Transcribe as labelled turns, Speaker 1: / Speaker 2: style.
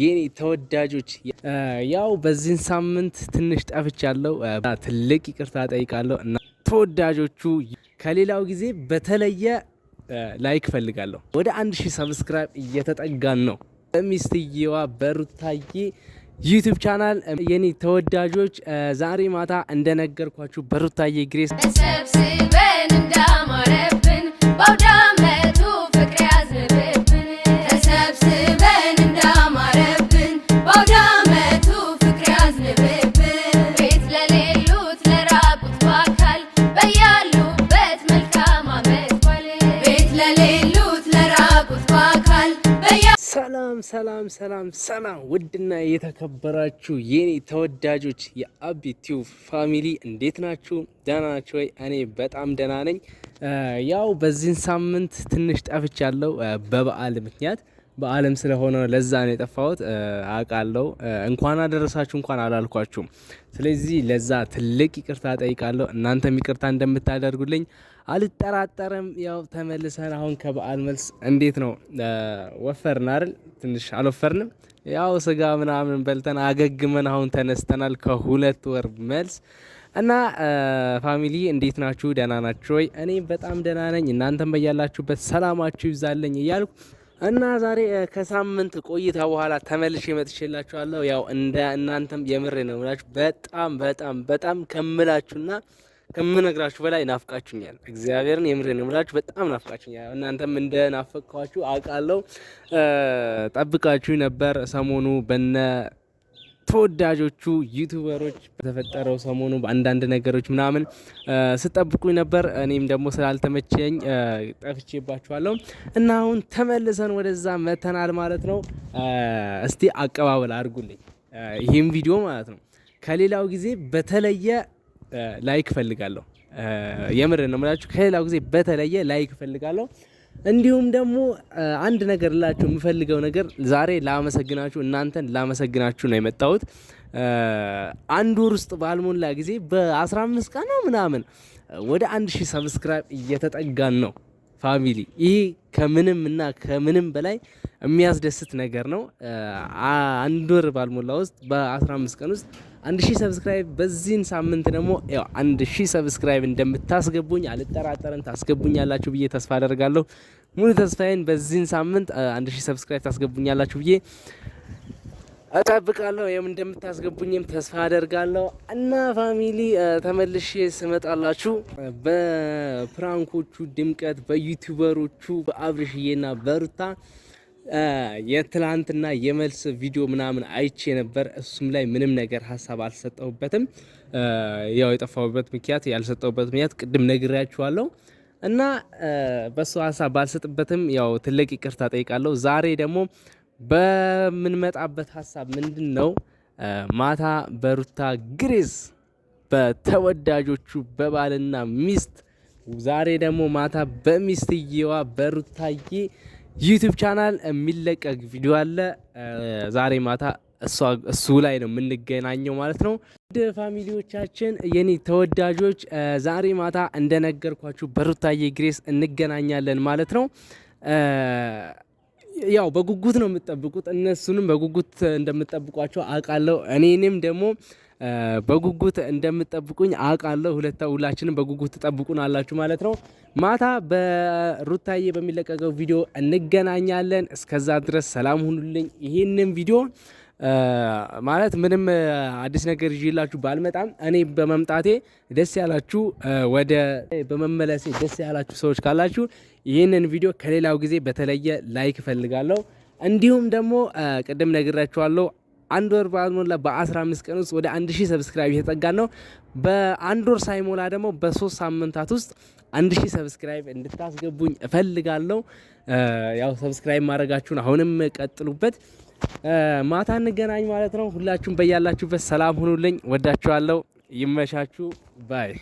Speaker 1: የኔ ተወዳጆች ያው በዚህን ሳምንት ትንሽ ጠፍቻለሁ፣ ትልቅ ይቅርታ ጠይቃለሁ። እና ተወዳጆቹ ከሌላው ጊዜ በተለየ ላይክ ፈልጋለሁ። ወደ አንድ ሺህ ሰብስክራይብ እየተጠጋን ነው። በሚስትየዋ በሩታዬ ዩቱብ ቻናል የኔ ተወዳጆች፣ ዛሬ ማታ እንደነገርኳችሁ በሩታዬ ግሬስ ተሰብስበን እንዳማረብን ሰላም ሰላም ሰላም ሰላም! ውድና የተከበራችሁ የኔ ተወዳጆች የአቢ ቲዩብ ፋሚሊ እንዴት ናችሁ? ደህና ናችሁ ወይ? እኔ በጣም ደህና ነኝ። ያው በዚህን ሳምንት ትንሽ ጠፍቻለሁ በበዓል ምክንያት በዓለም ስለሆነ ለዛ ነው የጠፋሁት። አውቃለሁ። እንኳን አደረሳችሁ እንኳን አላልኳችሁም። ስለዚህ ለዛ ትልቅ ይቅርታ ጠይቃለሁ። እናንተም ይቅርታ እንደምታደርጉልኝ አልጠራጠርም። ያው ተመልሰን አሁን ከበዓል መልስ እንዴት ነው ወፈርን አይደል? ትንሽ አልወፈርንም። ያው ስጋ ምናምን በልተን አገግመን አሁን ተነስተናል ከሁለት ወር መልስ እና ፋሚሊ እንዴት ናችሁ? ደህና ናችሁ ወይ? እኔ በጣም ደህና ነኝ። እናንተም በያላችሁበት ሰላማችሁ ይብዛለኝ እያልኩ እና ዛሬ ከሳምንት ቆይታ በኋላ ተመልሼ መጥቼላችኋለሁ። ያው እንደ እናንተም የምሬ ነው የምላችሁ በጣም በጣም በጣም ከምላችሁና ከምነግራችሁ በላይ ናፍቃችሁኛል። እግዚአብሔርን የምሬ ነው የምላችሁ በጣም ናፍቃችሁኛል። እናንተም እንደ ናፈቅኳችሁ አውቃለሁ። ጠብቃችሁ ነበር ሰሞኑ በነ ተወዳጆቹ ዩቱበሮች በተፈጠረው ሰሞኑ በአንዳንድ ነገሮች ምናምን ስጠብቁኝ ነበር። እኔም ደግሞ ስላልተመቸኝ ጠፍቼባችኋለሁ እና አሁን ተመልሰን ወደዛ መተናል ማለት ነው። እስቲ አቀባበል አድርጉልኝ ይህም ቪዲዮ ማለት ነው። ከሌላው ጊዜ በተለየ ላይክ እፈልጋለሁ። የምር ነው የምላችሁ። ከሌላው ጊዜ በተለየ ላይክ እፈልጋለሁ። እንዲሁም ደግሞ አንድ ነገር ላችሁ የምፈልገው ነገር ዛሬ ላመሰግናችሁ እናንተን ላመሰግናችሁ ነው የመጣሁት። አንድ ወር ውስጥ ባልሞላ ጊዜ በ15 ቀን ምናምን ወደ ሺህ ሰብስክራይብ እየተጠጋን ነው። ፋሚሊ ይህ ከምንም እና ከምንም በላይ የሚያስደስት ነገር ነው። አንድ ወር ባልሞላ ውስጥ በ15 ቀን ውስጥ አንድ ሺህ ሰብስክራይብ በዚህን ሳምንት ደግሞ አንድ ሺህ ሰብስክራይብ እንደምታስገቡኝ አልጠራጠርን ታስገቡኛላችሁ ብዬ ተስፋ አደርጋለሁ። ሙሉ ተስፋዬን በዚህን ሳምንት አንድ ሺህ ሰብስክራይብ ታስገቡኛላችሁ ብዬ እጠብቃለሁ ይም እንደምታስገቡኝም ተስፋ አደርጋለሁ። እና ፋሚሊ ተመልሼ ስመጣላችሁ በፕራንኮቹ ድምቀት በዩቲዩበሮቹ በአብርሽዬና በሩታ የትላንትና የመልስ ቪዲዮ ምናምን አይቼ ነበር። እሱም ላይ ምንም ነገር ሀሳብ አልሰጠሁበትም። ያው የጠፋሁበት ምክንያት ያልሰጠሁበት ምክንያት ቅድም ነግሬያችኋለሁ። እና በሱ ሀሳብ ባልሰጥበትም ያው ትልቅ ይቅርታ ጠይቃለሁ። ዛሬ ደግሞ በምንመጣበት ሀሳብ ምንድን ነው ማታ በሩታ ግሬስ በተወዳጆቹ በባልና ሚስት ዛሬ ደግሞ ማታ በሚስትየዋ በሩታዬ ዩቱብ ቻናል የሚለቀቅ ቪዲዮ አለ። ዛሬ ማታ እሱ ላይ ነው የምንገናኘው ማለት ነው። ውድ ፋሚሊዎቻችን፣ የኔ ተወዳጆች ዛሬ ማታ እንደነገርኳችሁ በሩታዬ ግሬስ እንገናኛለን ማለት ነው። ያው በጉጉት ነው የምትጠብቁት። እነሱንም በጉጉት እንደምትጠብቋቸው አውቃለሁ። እኔንም ደግሞ በጉጉት እንደምትጠብቁኝ አውቃለሁ። ሁለታ ሁላችንም በጉጉት ትጠብቁን አላችሁ ማለት ነው። ማታ በሩታዬ በሚለቀቀው ቪዲዮ እንገናኛለን። እስከዛ ድረስ ሰላም ሁኑልኝ። ይህንም ቪዲዮ ማለት ምንም አዲስ ነገር ይዤላችሁ ባልመጣም እኔ በመምጣቴ ደስ ያላችሁ ወደ በመመለሴ ደስ ያላችሁ ሰዎች ካላችሁ ይህንን ቪዲዮ ከሌላው ጊዜ በተለየ ላይክ እፈልጋለሁ። እንዲሁም ደግሞ ቅድም ነግራችኋለሁ አንድ ወር ባልሞላ በ15 ቀን ውስጥ ወደ 1000 ሰብስክራይብ የተጠጋን ነው። በአንድ ወር ሳይሞላ ደግሞ በሶስት ሳምንታት ውስጥ 1000 ሰብስክራይብ እንድታስገቡኝ እፈልጋለሁ። ያው ሰብስክራይብ ማድረጋችሁን አሁንም ቀጥሉበት። ማታ እንገናኝ ማለት ነው። ሁላችሁም በያላችሁበት ሰላም ሁኑልኝ። ወዳችኋለሁ። ይመሻችሁ ባይ